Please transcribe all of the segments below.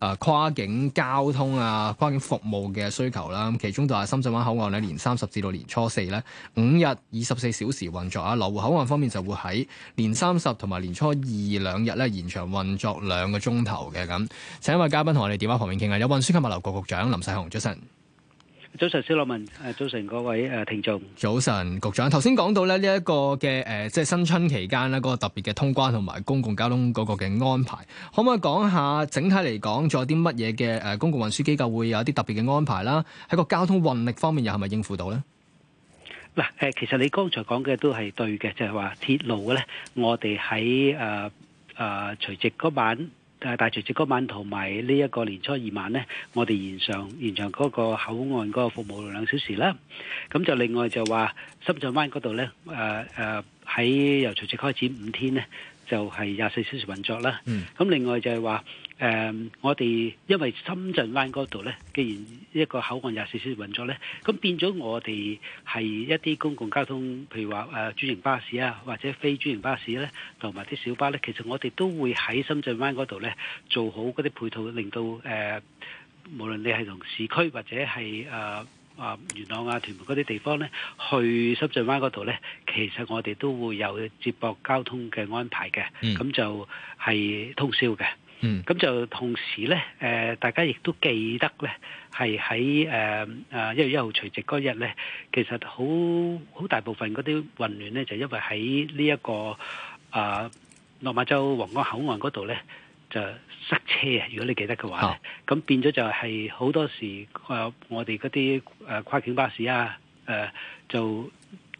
呃、跨境交通啊，跨境服務嘅需求啦、啊，其中就係深圳灣口岸咧，年三十至到年初四咧，五日二十四小時運作啊。羅湖口岸方面就會喺年三十同埋年初二兩日咧，延長運作兩個鐘頭嘅咁。請一位嘉賓同我哋電話旁邊傾下，有運輸及物流局局長林世雄，早晨。早晨，小羅文，誒，早晨各位誒聽眾。早晨，局長，頭先講到咧呢一個嘅誒，即係新春期間咧，嗰個特別嘅通關同埋公共交通嗰個嘅安排，可唔可以講下整體嚟講，仲有啲乜嘢嘅誒，公共運輸機構會有一啲特別嘅安排啦？喺個交通運力方面，又係咪應付到咧？嗱，誒，其實你剛才講嘅都係對嘅，就係話鐵路咧，我哋喺誒誒除夕嗰晚。大除夕嗰晚同埋呢一個年初二晚咧，我哋延長延長嗰個口岸嗰個服務兩小時啦。咁就另外就話深圳灣嗰度咧，誒誒喺由除夕開始，五天咧，就係廿四小時運作啦。咁、嗯、另外就係話，誒、嗯，我哋因為深圳灣嗰度呢，既然一個口岸廿四小時運作呢，咁變咗我哋係一啲公共交通，譬如話誒專營巴士啊，或者非專營巴士呢，同埋啲小巴呢。其實我哋都會喺深圳灣嗰度呢，做好嗰啲配套，令到誒、呃，無論你係同市區或者係誒。呃啊，元朗啊，屯門嗰啲地方咧，去深圳灣嗰度咧，其實我哋都會有接駁交通嘅安排嘅，咁、mm. 就係通宵嘅。咁、mm. 就同時咧，誒、呃，大家亦都記得咧，係喺誒誒一月一號除夕嗰日咧，其實好好大部分嗰啲混亂咧，就係、因為喺呢一個啊，落、呃、馬洲皇崗口岸嗰度咧。就塞車啊！如果你記得嘅話，咁、啊、變咗就係好多時誒，我哋嗰啲誒跨境巴士啊，誒、啊、就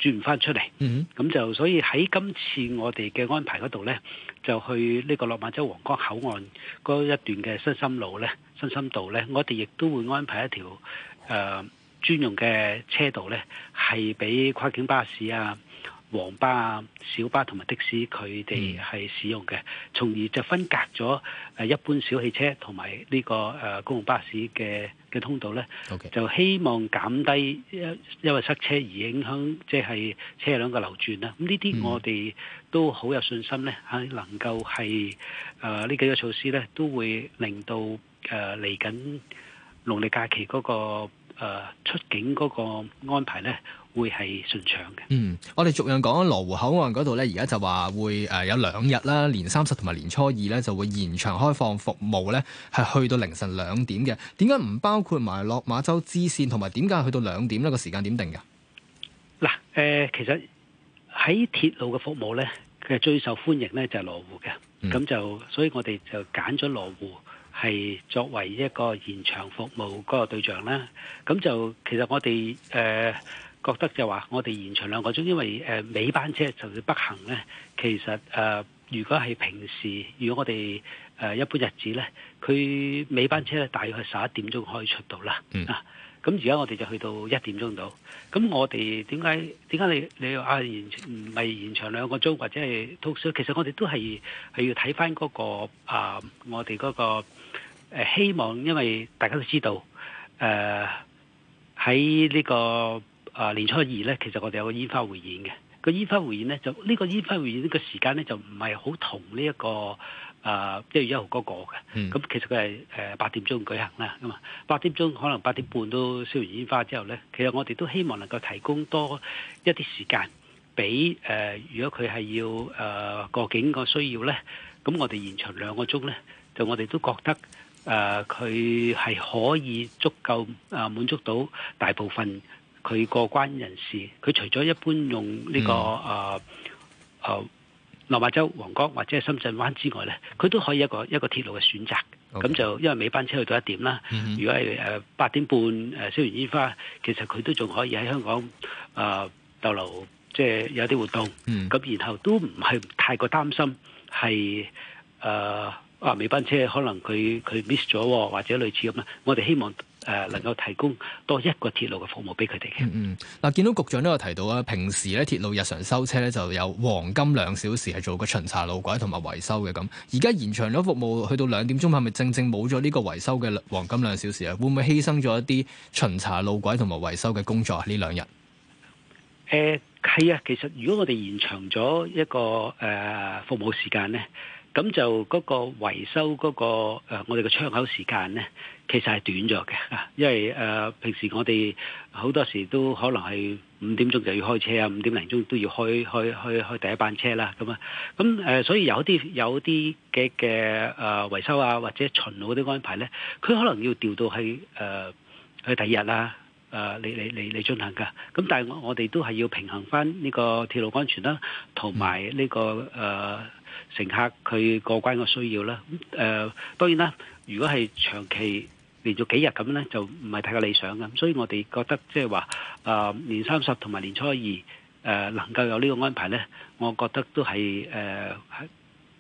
轉唔翻出嚟。咁、嗯、哼就所以喺今次我哋嘅安排嗰度呢，就去呢個落馬洲皇崗口岸嗰一段嘅新深路呢，新深道呢，我哋亦都會安排一條誒、啊、專用嘅車道呢，係俾跨境巴士啊。黃巴、小巴同埋的士，佢哋係使用嘅，從而就分隔咗誒一般小汽車同埋呢個誒公共巴士嘅嘅通道咧，Okay. 就希望減低因因為塞車而影響即係車輛嘅流轉啦。咁呢啲我哋都好有信心咧，喺能夠係誒呢幾個措施咧，都會令到誒嚟緊農曆假期嗰個出境嗰個安排咧。會係順暢嘅。嗯，我哋逐樣講，羅湖口岸嗰度呢，而家就話會誒、呃、有兩日啦，年三十同埋年初二呢就會延長開放服務呢係去到凌晨兩點嘅。點解唔包括埋落馬洲支線？同埋點解去到兩點呢，個時間點定㗎？嗱，誒，其實喺鐵路嘅服務呢，佢係最受歡迎呢，嗯，就係羅湖嘅。咁就所以我哋就揀咗羅湖係作為一個延長服務嗰個對象啦。咁就其實我哋誒。呃覺得就話我哋延長兩個鐘，因為誒尾、呃、班車就要北行咧，其實誒、呃、如果係平時，如果我哋誒、呃、一般日子咧，佢尾班車咧大概十一點鐘可以出到啦。嗯。啊，咁而家我哋就去到一點鐘到。咁我哋點解點解你你，你啊延唔係延長兩個鐘或者係通宵？其實我哋都係係要睇翻嗰個啊、呃，我哋嗰、嗰個、呃、希望，因為大家都知道誒喺呢個。啊！年初二咧，其實我哋有個煙花匯演嘅。個煙花匯演咧，就呢、這個煙花匯演呢個時間咧，就唔係好同呢一個啊一月一號嗰個嘅。咁、嗯、其實佢係誒八點鐘舉行啦，咁啊八點鐘可能八點半都燒完煙花之後咧，其實我哋都希望能夠提供多一啲時間俾誒，如果佢係要誒、呃、過境個需要咧，咁我哋延長兩個鐘咧，就我哋都覺得誒佢係可以足夠啊滿足到大部分。佢過關人士，佢除咗一般用呢、這個誒誒落馬洲、皇崗或者係深圳灣之外咧，佢都可以一個一個鐵路嘅選擇。咁 Okay. 就因為尾班車去到一點啦，如果係誒、呃、八點半誒燒、呃、完煙花，其實佢都仲可以喺香港誒、呃、逗留，即、就、係、是、有啲活動。咁、嗯、然後都唔係太過擔心係誒、呃、啊尾班車可能佢佢 miss 咗或者類似咁樣。我哋希望。誒，能夠提供多一個鐵路嘅服務俾佢哋嘅。嗯嗱、嗯，見到局長都有提到啦，平時咧鐵路日常收車咧就有黃金兩小時係做個巡查路軌同埋維修嘅咁。而家延長咗服務去到兩點鐘，係咪正正冇咗呢個維修嘅黃金兩小時啊？會唔會犧牲咗一啲巡查路軌同埋維修嘅工作呢兩日？誒，係啊、呃，其實如果我哋延長咗一個誒、呃、服務時間咧。咁就嗰個維修嗰、那個、呃、我哋嘅窗口時間呢，其實係短咗嘅，因為誒、呃、平時我哋好多時都可能係五點鐘就要開車啊，五點零鐘都要開開開開第一班車啦，咁啊，咁、呃、所以有啲有啲嘅嘅誒維修啊，或者巡路嗰啲安排呢，佢可能要調到去誒、呃、去第二日啦，誒、呃、你你你你進行噶，咁但係我哋都係要平衡返呢個鐵路安全啦，同埋呢個誒。呃乘客佢過關嘅需要啦，咁、呃、誒當然啦，如果係長期連續幾日咁樣，咧，就唔係太過理想，咁，所以我哋覺得即係話誒年三十同埋年初二誒、呃、能夠有呢個安排咧，我覺得都係誒。呃是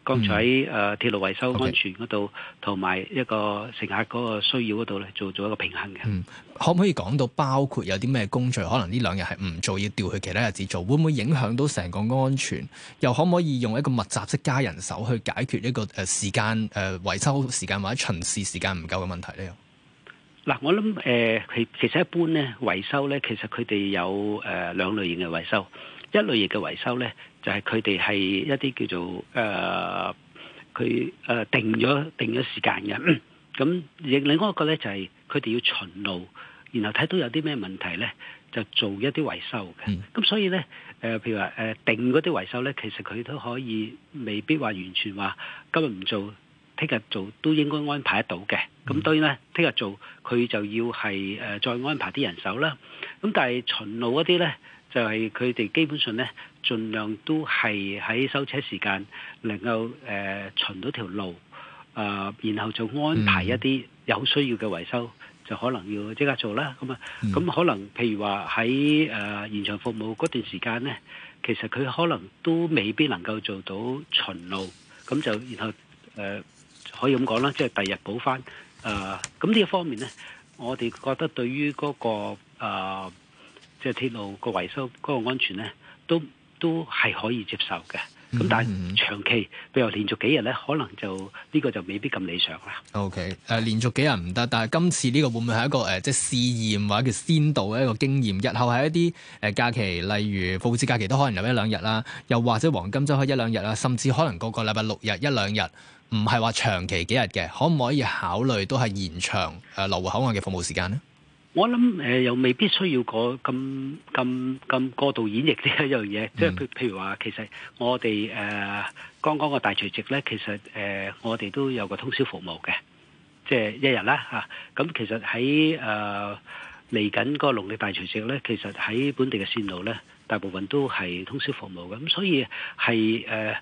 剛才誒鐵、嗯呃、路維修安全嗰度 okay，同埋一個乘客嗰個需要嗰度咧，做咗一個平衡嘅、嗯。可唔可以講到包括有啲咩工序，可能呢兩日係唔做，要調去其他日子做，會唔會影響到成個安全？又可唔可以用一個密集式加人手去解決一個誒時間誒維修時間或者巡視時間唔夠嘅問題呢？嗱，我諗誒其其實一般咧維修咧，其實佢哋有誒兩、呃、類型嘅維修。一類型嘅維修呢，就係佢哋係一啲叫做誒，佢、呃、誒、呃、定咗定咗時間嘅。咁、嗯、另另一個呢，就係佢哋要巡路，然後睇到有啲咩問題呢，就做一啲維修嘅。咁、嗯、所以呢，誒、呃、譬如話誒、呃、定嗰啲維修呢，其實佢都可以未必話完全話今日唔做，聽日做都應該安排得到嘅。咁當然啦，聽日做佢就要係誒、呃、再安排啲人手啦。咁但係巡路嗰啲呢。就係佢哋基本上呢，儘量都係喺收車時間，能夠誒、呃、巡到條路，啊、呃，然後就安排一啲有需要嘅維修，就可能要即刻做啦。咁啊，咁可能譬如話喺誒現場服務嗰段時間呢，其實佢可能都未必能夠做到巡路，咁就然後誒、呃、可以咁講啦，即係第日補翻。啊、呃，咁呢一方面呢，我哋覺得對於嗰、那個、呃即係鐵路個維修嗰個安全咧，都都係可以接受嘅。咁但係長期，譬如連續幾日咧，可能就呢、這個就未必咁理想啦。O K，誒連續幾日唔得，但係今次呢個會唔會係一個誒、呃、即係試驗或者叫先導一個經驗？日後係一啲誒、呃、假期，例如佈置假期都可能有一兩日啦，又或者黃金周可一兩日啦，甚至可能個個禮拜六日一兩日，唔係話長期幾日嘅，可唔可以考慮都係延長誒羅、呃、湖口岸嘅服務時間呢？我諗誒、呃、又未必需要過咁咁咁過度演繹呢一樣嘢，嗯、即係譬譬如話，其實我哋誒、呃、剛剛個大除夕咧，其實誒、呃、我哋都有個通宵服務嘅，即係一日啦嚇。咁、啊、其實喺誒嚟緊嗰個農曆大除夕咧，其實喺本地嘅線路咧，大部分都係通宵服務嘅。咁所以係誒、呃、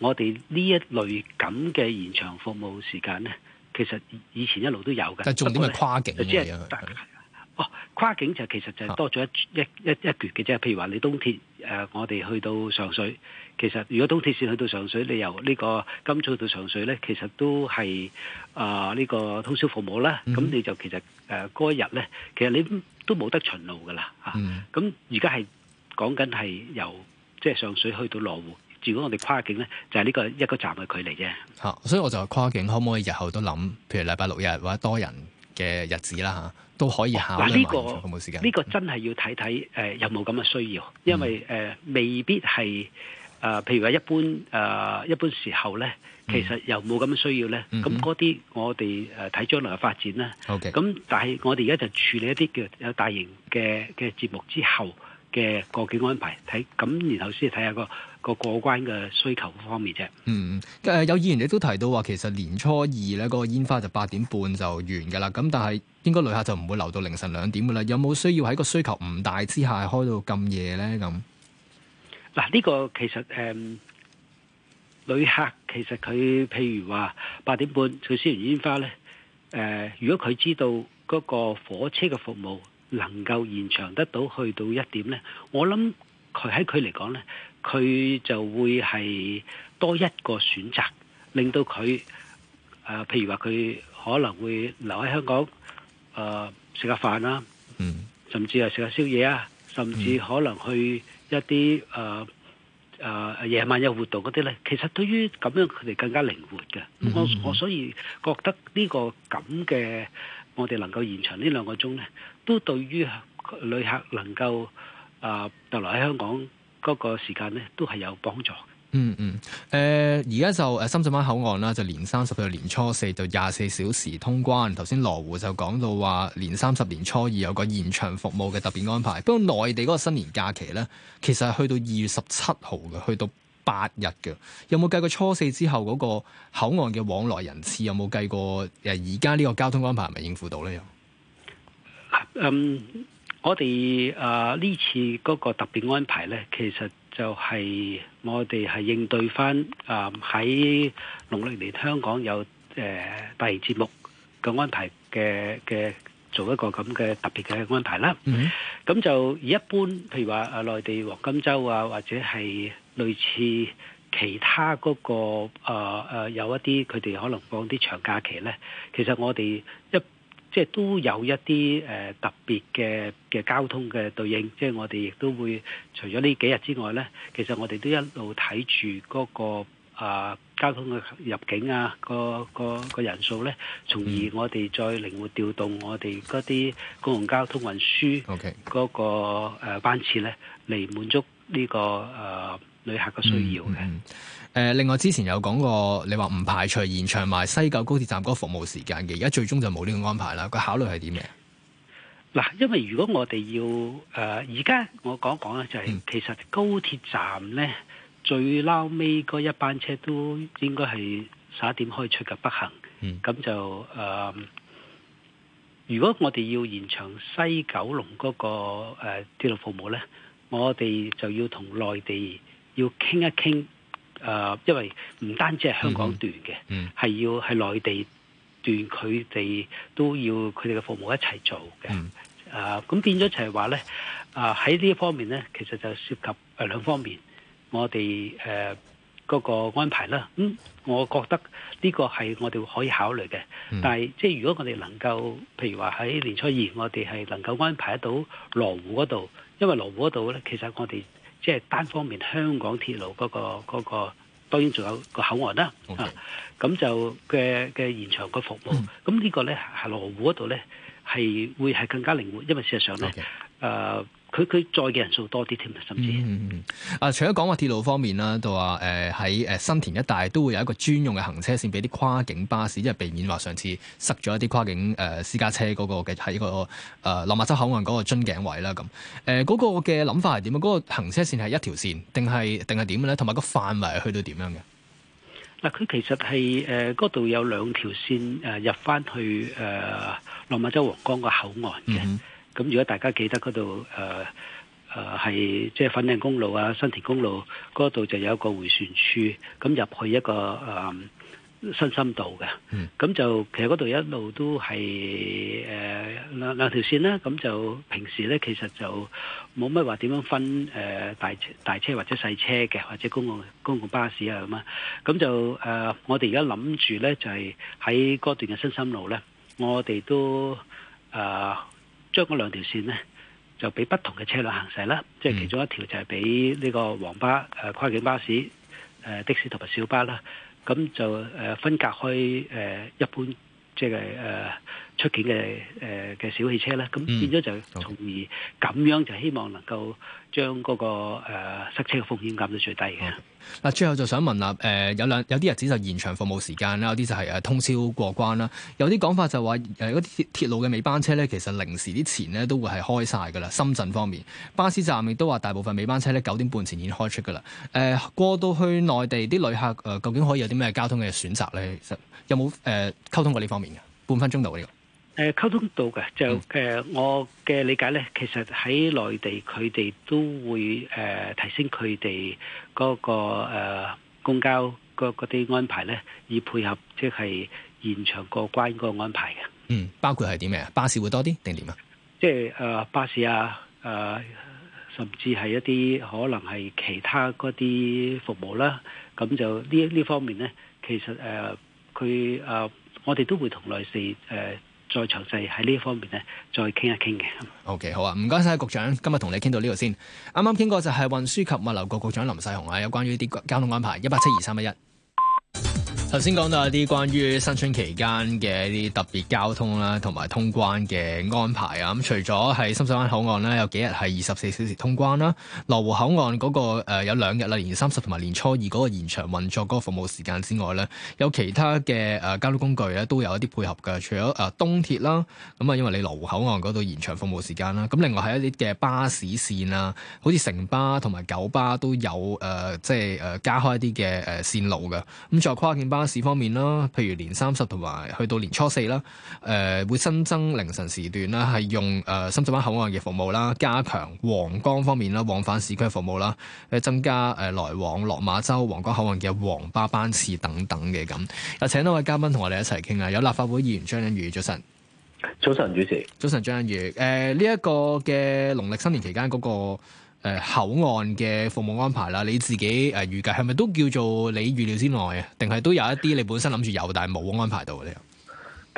我哋呢一類咁嘅延長服務時間咧，其實以前一路都有嘅。但係重點係跨境嘅嘢。是哦，跨境就其實就多咗一、啊、一一一橛嘅啫。譬如話你東鐵誒、呃，我哋去到上水，其實如果東鐵線去到上水，你由呢個金鐘去到上水咧，其實都係啊呢個通宵服務啦。咁、嗯、你就其實誒嗰一日咧，其實你都冇得巡路㗎啦嚇。咁而家係講緊係由即係、就是、上水去到羅湖，如果我哋跨境咧，就係呢個一個站嘅距離啫。嚇、啊，所以我就跨境可唔可以日後都諗？譬如禮拜六日或者多人。嘅日子啦嚇，都可以考慮嗱，呢、呢個呢個真係要睇睇誒有冇咁嘅需要，嗯、因為誒、呃、未必係，啊、呃，譬如話一般啊、呃、一般時候咧，其實又冇咁嘅需要咧。咁嗰啲我哋誒睇將來嘅發展啦。OK，咁但係我哋而家就處理一啲叫有大型嘅嘅節目之後。嘅過境安排睇，咁然後先睇下個個過關嘅需求方面啫。嗯嗯、呃，有議員亦都提到話，其實年初二咧，個煙花就八點半就完噶啦。咁但係應該旅客就唔會留到凌晨兩點噶啦。有冇需要喺個需求唔大之下開到咁夜咧？咁嗱、呃，呢、呢個其實誒、呃、旅客其實佢譬如話八點半取消完煙花咧，誒、呃、如果佢知道嗰個火車嘅服務。能夠延長得到去到一點呢。我諗佢喺佢嚟講呢，佢就會係多一個選擇，令到佢、呃、譬如話佢可能會留喺香港誒食下飯啦、啊，甚至係食下宵夜啊，甚至可能去一啲誒誒夜晚有活動嗰啲呢。其實對於咁樣佢哋更加靈活嘅。我我所以覺得呢、呢個咁嘅我哋能夠延長呢兩個鐘呢。都對於旅客能夠啊逗留喺香港嗰個時間呢都係有幫助嗯。嗯嗯，誒而家就深圳灣口岸啦，就年三十到年初四就廿四小時通關。頭先羅湖就講到話，年三十年初二有個延長服務嘅特別安排。不過內地嗰個新年假期呢，其實係去到二月十七號嘅，去到八日嘅。有冇計過初四之後嗰個口岸嘅往來人次？有冇計過誒而家呢個交通安排係咪應付到呢？嗯，um, 我哋啊呢次嗰個特別安排呢，其實就係我哋係應對翻啊喺農曆年香港有誒、呃、大型節目嘅安排嘅嘅，做一個咁嘅特別嘅安排啦。咁、mm hmm. 就一般，譬如話啊，內地黃金週啊，或者係類似其他嗰、嗰個啊、呃呃、有一啲佢哋可能放啲長假期呢，其實我哋一即係都有一啲、呃、特別嘅嘅交通嘅對應，即係我哋亦都會除咗呢幾日之外呢，其實我哋都一路睇住嗰個、呃、交通嘅入境啊個個人數呢，從而我哋再靈活調動我哋嗰啲公共交通運輸嗰個班次呢嚟 Okay. 滿足呢、呢個誒，呃旅客嘅需要嘅、嗯，誒、嗯，另外之前有講過，你話唔排除延長埋西九高鐵站嗰個服務時間嘅，而家最終就冇呢個安排啦。個考慮係點嘅？嗱，因為如果我哋要誒而家我講講咧，就係其實高鐵站咧、嗯、最撈尾嗰一班車都應該係十一點開出嘅，不行。嗯，咁就誒、呃，如果我哋要延長西九龍嗰、那個誒、呃、鐵路服務咧，我哋就要同內地。要傾一傾，誒、呃，因為唔單止係香港段嘅，係、嗯嗯、要係內地段，佢哋都要佢哋嘅服務一齊做嘅。誒、嗯，咁、呃、變咗就係話咧，誒喺呢一方面咧，其實就涉及誒、呃、兩方面，我哋誒嗰個安排啦。咁、嗯，我覺得呢個係我哋可以考慮嘅。嗯、但係即係如果我哋能夠，譬如話喺年初二，我哋係能夠安排得到羅湖嗰度，因為羅湖嗰度咧，其實我哋。即係單方面香港鐵路嗰個，嗰個當然仲有個口岸啦。Okay. 啊，咁就嘅嘅延長個服務，咁、嗯、呢個咧喺羅湖嗰度咧係會係更加靈活，因為事實上咧，誒 Okay.、呃。佢佢載嘅人數多啲添，甚至是嗯嗯嗯啊，除咗講話鐵路方面啦，就話誒喺誒新田一帶都會有一個專用嘅行車線俾啲跨境巴士，即、就、係、是、避免話上次塞咗一啲跨境誒、呃、私家車嗰個嘅喺、那個誒落、呃、馬洲口岸嗰個樽頸位啦。咁誒嗰個嘅諗法係點啊？嗰、那個行車線係一條線定係定係點嘅咧？同埋個範圍去到點樣嘅？嗱，佢其實係誒嗰度有兩條線誒入翻去誒落、呃、馬洲皇崗個口岸嘅。嗯嗯咁如果大家記得嗰度，誒誒係即係粉嶺公路啊、新田公路嗰度就有一個迴旋處，咁入去一個誒新深道嘅。咁就其實嗰度一路都係誒兩兩條線咧。咁就平時咧，其實就冇乜話點樣分誒大車大車或者細車嘅，或者公共公共巴士啊咁樣。咁就誒，我哋而家諗住咧，就係喺嗰段嘅新深路咧，我哋都誒。將嗰兩條線呢，就俾不同嘅車輛行駛啦。即係其中一條就係俾呢個黃巴、誒、呃、跨境巴士、誒、呃、的士同埋小巴啦。咁就誒、呃、分隔開誒、呃、一般，即係誒。呃出境嘅誒嘅小汽車咧，咁變咗就從而咁樣就希望能夠將嗰、那個、呃、塞車嘅風險減到最低嘅。嗱、嗯嗯，最後就想問啦，誒、呃、有兩有啲日子就延長服務時間啦，有啲就係、是、誒、啊、通宵過關啦，有啲講法就話誒嗰鐵鐵路嘅尾班車咧，其實零時啲前咧都會係開晒噶啦。深圳方面，巴士站亦都話大部分尾班車咧，九點半前已經開出噶啦。誒、呃、過到去內地啲旅客誒、呃，究竟可以有啲咩交通嘅選擇咧？其實有冇誒、呃、溝通過呢方面嘅半分鐘度呢個？誒，溝通到嘅就，誒、嗯呃，我嘅理解咧，其實喺內地佢哋都會誒、呃、提升佢哋嗰個、呃、公交嗰啲安排咧，以配合即係、就是、現場過關嗰個安排嘅。嗯，包括係點咩啊？巴士會多啲定點啊？即係誒、呃、巴士啊，誒、呃、甚至係一啲可能係其他嗰啲服務啦、啊。咁就呢呢方面咧，其實誒佢誒我哋都會同內地誒。呃再詳細喺呢一方面咧，再傾一傾嘅。OK，好啊，唔該晒。局長，今日同你傾到呢度先。啱啱傾過就係運輸及物流局局長林世雄啊，有關於啲交通安排，一八七二三一一。頭先講到一啲關於新春期間嘅一啲特別交通啦，同埋通關嘅安排啊，咁除咗喺深圳灣口岸咧有幾日係二十四小時通關啦，羅湖口岸嗰個有兩日啦，年三十同埋年初二嗰個延長運作嗰個服務時間之外咧，有其他嘅誒交通工具咧都有一啲配合嘅，除咗誒東鐵啦，咁啊因為你羅湖口岸嗰度延長服務時間啦，咁另外係一啲嘅巴士線啦，好似城巴同埋九巴都有誒即係誒加開一啲嘅誒線路嘅，咁再跨境巴。巴士方面啦，譬如年三十同埋去到年初四啦，誒、呃、會新增凌晨時段啦，係用誒、呃、深圳灣口岸嘅服務啦，加強皇崗方面啦，往返市區嘅服務啦，誒增加誒、呃、來往落馬洲、皇崗口岸嘅黃巴班次等等嘅咁。又請多位嘉賓同我哋一齊傾下，有立法會議員張欣宇，早晨。早晨主持。早晨張欣宇，誒呢一個嘅農曆新年期間嗰、那個。誒、呃、口岸嘅服務安排啦，你自己誒、呃、預計係咪都叫做你預料之內啊？定係都有一啲你本身諗住有但係冇安排到嘅咧？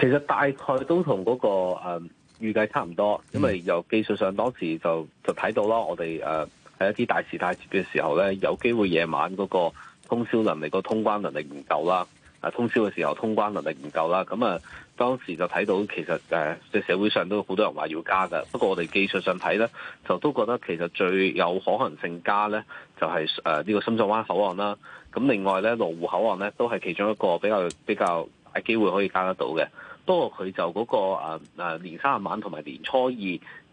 其實大概都同嗰、嗰個、呃、預計差唔多，因為由技術上當時就就睇到囉。我哋誒喺一啲大時大節嘅時候咧，有機會夜晚嗰個通宵能力、個通關能力唔夠啦。啊！通宵嘅時候，通關能力唔夠啦。咁啊，當時就睇到其實即係、啊、社會上都好多人話要加嘅。不過我哋技術上睇咧，就都覺得其實最有可能性加咧，就係誒呢個深圳灣口岸啦。咁另外咧，羅湖口岸咧都係其中一個比較比較大機會可以加得到嘅。不過佢就嗰、嗰個、啊啊、年三十晚同埋年初二。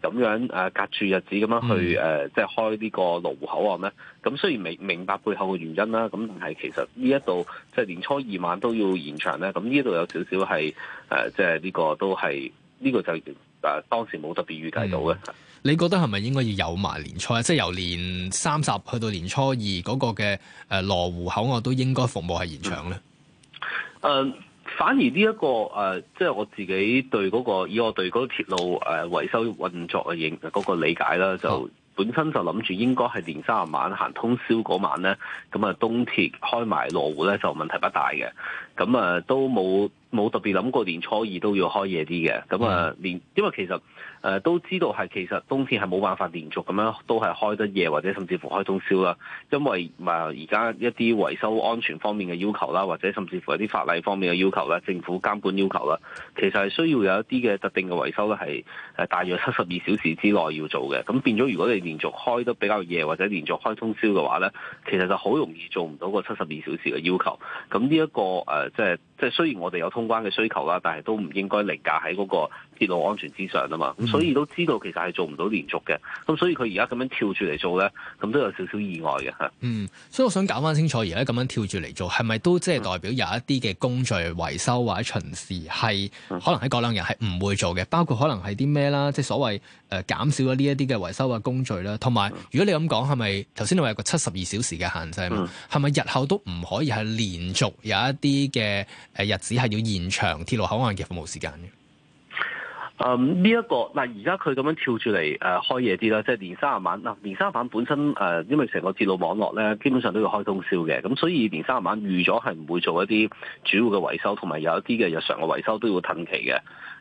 咁樣誒隔住日子咁樣去即係開呢個羅湖口岸咧。咁、嗯、雖然未明白背後嘅原因啦，咁但係其實呢一度即係年初二晚都要延長咧。咁呢一度有少少係即係呢個都係呢、呢個就誒當時冇特別預計到嘅、嗯。你覺得係咪應該要有埋年初？即、就、係、是、由年三十去到年初二嗰個嘅誒羅湖口岸都應該服務係延長咧。嗯嗯。反而呢、這、一個誒，即、呃、係、就是、我自己對嗰、那個以我對嗰個鐵路誒、呃、維修運作嘅認個個理解啦，就本身就諗住應該係年三十晚行通宵嗰晚咧，咁、嗯、啊東鐵開埋羅湖咧就問題不大嘅，咁、嗯、啊、嗯、都冇冇特別諗過年初二都要開夜啲嘅，咁、嗯、啊、嗯、因為其實。誒都知道係其實冬天係冇辦法連續咁樣都係開得夜或者甚至乎開通宵啦，因為而家一啲維修安全方面嘅要求啦，或者甚至乎一啲法例方面嘅要求啦，政府監管要求啦，其實係需要有一啲嘅特定嘅維修咧係大約七十二小時之內要做嘅，咁變咗如果你連續開得比較夜或者連續開通宵嘅話咧，其實就好容易做唔到個七十二小時嘅要求，咁呢一個誒即係。即係雖然我哋有通關嘅需求啦，但係都唔應該凌駕喺嗰個鐵路安全之上啊嘛。咁所以都知道其實係做唔到連續嘅。咁所以佢而家咁樣跳住嚟做咧，咁都有少少意外嘅嚇。嗯，所以我想搞翻清楚，而家咁樣跳住嚟做，係咪都即係代表有一啲嘅工序維修或者巡視係可能喺嗰兩日係唔會做嘅？包括可能係啲咩啦？即係所謂誒減少咗呢一啲嘅維修嘅工序啦。同埋如果你咁講，係咪頭先你話有個七十二小時嘅限制嘛？係咪日後都唔可以係連續有一啲嘅？日子係要延長鐵路口岸嘅服務時間呢一、嗯這個嗱，而家佢咁樣跳住嚟誒開夜啲啦，即、就、係、是、年三十晚嗱、啊，年三十晚本身誒、呃，因為成個鐵路網絡咧，基本上都要開通宵嘅，咁所以年三十晚預咗係唔會做一啲主要嘅維修，同埋有，有一啲嘅日常嘅維修都要褪期嘅。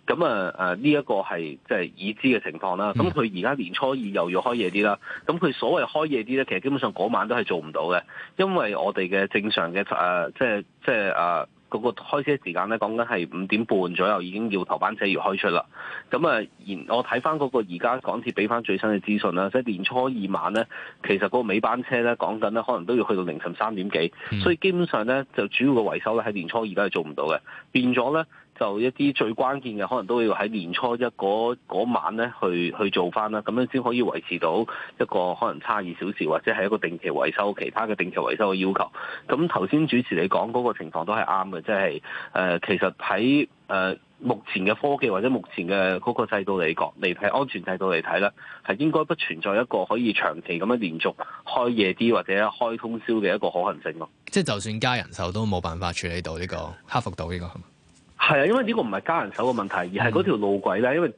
咁啊誒呢一個係即係已知嘅情況啦。咁佢而家年初二又要開夜啲啦。咁佢所謂開夜啲咧，其實基本上嗰晚都係做唔到嘅，因為我哋嘅正常嘅誒、呃，即係即係誒。呃嗰個開車時間咧，講緊係五點半左右已經要頭班車要開出啦。咁啊，然我睇翻嗰個而家港鐵俾翻最新嘅資訊啦，即係年初二晚咧，其實嗰個尾班車咧，講緊咧可能都要去到凌晨三點幾，所以基本上咧就主要嘅維修咧喺年初二都係做唔到嘅，變咗咧。就一啲最關鍵嘅，可能都要喺年初一嗰嗰晚咧去去做翻啦，咁樣先可以維持到一個可能差二小時或者係一個定期維修、其他嘅定期維修嘅要求。咁頭先主持你講嗰、嗰個情況都係啱嘅，即係誒其實喺誒、呃、目前嘅科技或者目前嘅嗰個制度嚟講，嚟睇安全制度嚟睇咧，係應該不存在一個可以長期咁樣連續開夜啲或者開通宵嘅一個可行性咯。即係就算加人手都冇辦法處理到呢、呢個克服到呢、呢個。係啊，因為呢個唔係加人手嘅問題，而係嗰條路軌咧，因為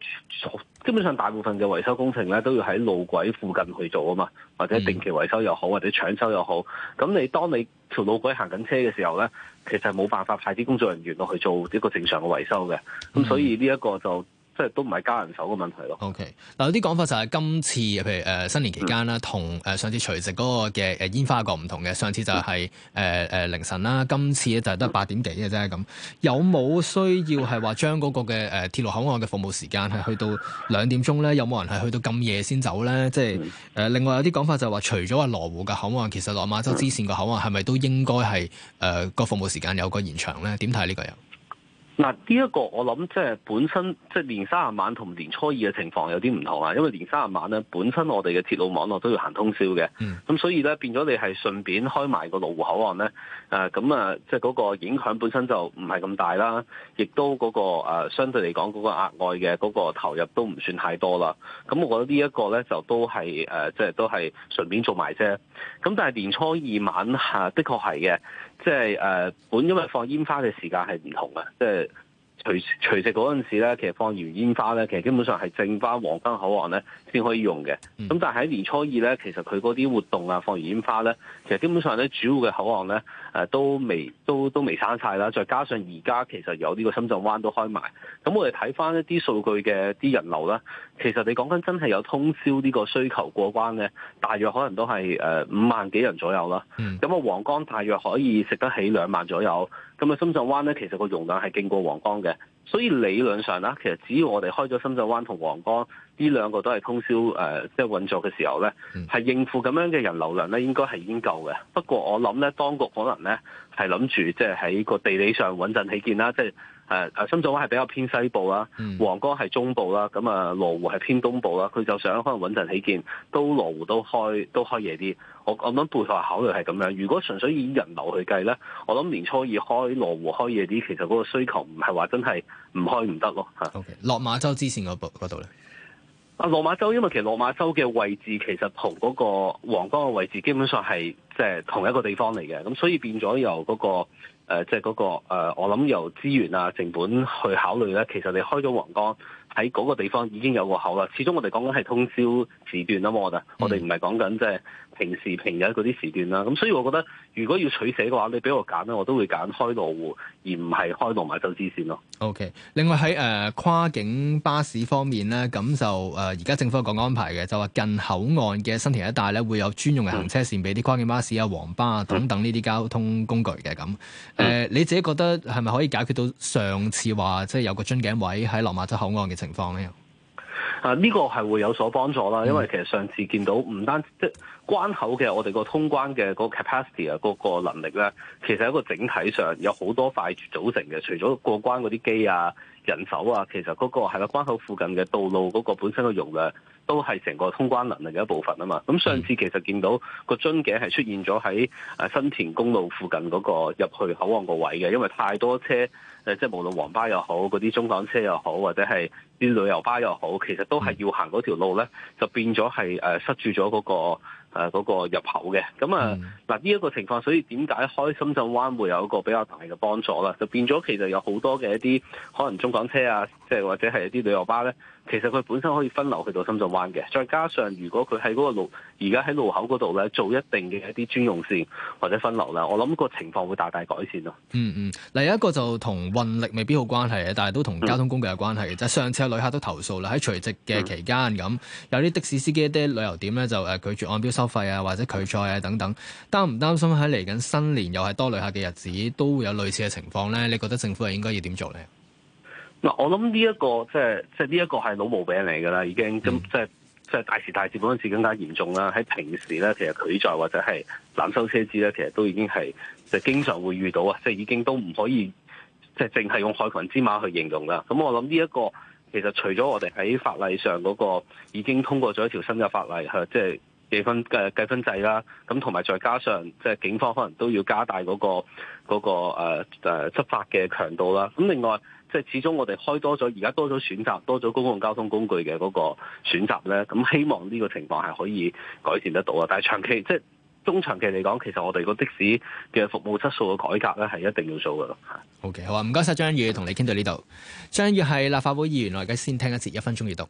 基本上大部分嘅維修工程咧都要喺路軌附近去做啊嘛，或者定期維修又好，或者搶修又好，咁你當你條路軌行緊車嘅時候咧，其實冇辦法派啲工作人員落去做一個正常嘅維修嘅，咁所以呢一個就。即係都唔係加人手嘅問題咯。OK，嗱有啲講法就係今次，譬如誒新年期間啦，同誒、嗯、上次除夕嗰個嘅誒煙花個唔同嘅。上次就係誒誒凌晨啦，今次就係得八點幾嘅啫。咁有冇需要係話將嗰個嘅誒、呃、鐵路口岸嘅服務時間係去到兩點鐘咧？有冇人係去到咁夜先走咧？即係誒另外有啲講法就係話，除咗話羅湖嘅口岸，其實落馬洲支線嘅口岸係咪都應該係誒個服務時間有個延長咧？點睇呢個人？嗱，呢一、這個我諗即係本身即係、就是、年三十晚同年初二嘅情況有啲唔同啊，因為年三十晚咧本身我哋嘅鐵路網絡都要行通宵嘅，咁、嗯、所以咧變咗你係順便開埋個羅湖口岸咧，誒咁啊，即係嗰個影響本身就唔係咁大啦，亦都嗰、那個、呃、相對嚟講嗰個額外嘅嗰個投入都唔算太多啦。咁、嗯、我覺得這個呢一個咧就都係誒，即、呃、係、就是、都係順便做埋啫。咁、嗯、但係年初二晚嚇、啊，的確係嘅。即係誒、呃，本因為放煙花嘅時間係唔同嘅，即係。除夕除夕嗰陣時咧，其實放完煙花咧，其實基本上係剩翻皇崗口岸咧先可以用嘅。咁但係喺年初二咧，其實佢嗰啲活動啊，放完煙花咧，其實基本上咧主要嘅口岸咧，誒都未都都未閂晒啦。再加上而家其實有呢個深圳灣都開埋。咁我哋睇翻一啲數據嘅啲人流啦，其實你講緊真係有通宵呢個需求過關咧，大約可能都係五萬幾人左右啦。咁啊、嗯、皇崗大約可以食得起兩萬左右。咁啊，深圳灣咧，其實個容量係勁過皇崗嘅，所以理論上啦，其實只要我哋開咗深圳灣同皇崗呢兩個都係通宵即係運作嘅時候咧，係、嗯、應付咁樣嘅人流量咧，應該係已經夠嘅。不過我諗咧，當局可能咧係諗住即係喺個地理上穩陣起見啦，即係。誒深圳灣係比較偏西部啦，皇崗係中部啦，咁啊羅湖係偏東部啦。佢就想可能穩陣起見，都羅湖都開都開夜啲。我咁諗背後考慮係咁樣。如果純粹以人流去計咧，我諗年初二開羅湖開夜啲，其實嗰個需求唔係話真係唔開唔得咯嚇。O K，落馬洲之前嗰度咧？啊，落馬洲因為其實落馬洲嘅位置其實同嗰個皇崗嘅位置基本上係即係同一個地方嚟嘅，咁所以變咗由嗰個。唉，即係嗰個，唉、呃，我諗由資源啊、成本去考慮咧。其實你開咗皇崗。喺嗰個地方已經有個口啦，始終我哋講緊係通宵時段啊嘛，我哋我哋唔係講緊即係平時平日嗰啲時段啦。咁所以我覺得，如果要取捨嘅話，你俾我揀咧，我都會揀開羅湖，而唔係開羅馬洲支線咯。OK，另外喺、呃、跨境巴士方面咧，咁就而家、呃、政府有個安排嘅，就話近口岸嘅新田一帶咧會有專用嘅行車線俾啲跨境巴士啊、黃巴啊等等呢啲交通工具嘅咁。呃嗯、你自己覺得係咪可以解決到上次話即係有個樽頸位喺羅馬洲口岸嘅？情況咧，啊呢個係會有所幫助啦，因為其實上次見到唔單即係關口嘅我哋個通關嘅個 capacity 啊，個個能力咧，其實係一個整體上有好多塊組成嘅。除咗過關嗰啲機啊、人手啊，其實嗰個係啦關口附近嘅道路嗰個本身個容量都係成個通關能力嘅一部分啊嘛。咁上次其實見到個樽頸係出現咗喺誒新田公路附近嗰個入去口岸個位嘅，因為太多車誒，即係無論黃巴又好，嗰啲中港車又好，或者係。啲旅遊巴又好，其實都係要行嗰條路咧，就變咗係誒塞住咗嗰、嗰個誒、呃嗰個、入口嘅。咁啊嗱，呢一個情況，所以點解開深圳灣會有一個比較大嘅幫助咧？就變咗其實有好多嘅一啲可能中港車啊，即係或者係一啲旅遊巴咧，其實佢本身可以分流去到深圳灣嘅。再加上如果佢喺嗰個路而家喺路口嗰度咧，做一定嘅一啲專用線或者分流咧，我諗個情況會大大改善咯、嗯。嗯嗯，嗱有一個就同運力未必好關係嘅，但係都同交通工具有關係嘅，嗯、就係上車。旅客都投訴啦，喺除夕嘅期間咁，嗯、有啲的士司機一啲旅遊點咧就誒拒絕按錶收費啊，或者拒載啊等等，擔唔擔心喺嚟緊新年又係多旅客嘅日子，都會有類似嘅情況咧？你覺得政府係應該要點做咧？嗱、嗯，我諗呢一個即係即係呢一個係老毛病嚟㗎啦，已經咁即係即係大時大節嗰陣時更加嚴重啦。喺平時咧，其實拒載或者係濫收車資咧，其實都已經係即係經常會遇到啊，即係已經都唔可以即係淨係用害羣之馬去形容啦。咁我諗呢一個。其實除咗我哋喺法例上嗰個已經通過咗一條新嘅法例嚇，即係計分計分制啦，咁同埋再加上即係警方可能都要加大嗰個嗰個誒誒執法嘅強度啦。咁另外即係始終我哋開多咗，而家多咗選擇，多咗公共交通工具嘅嗰個選擇咧。咁希望呢個情況係可以改善得到啊。但係長期即係。中長期嚟講，其實我哋個的，的士嘅服務質素嘅改革咧，係一定要做㗎。咯。嚇，OK，好啊，唔該晒。張宇，同你傾到呢度。張宇係立法會議員，來緊先聽一節一分鐘閱讀。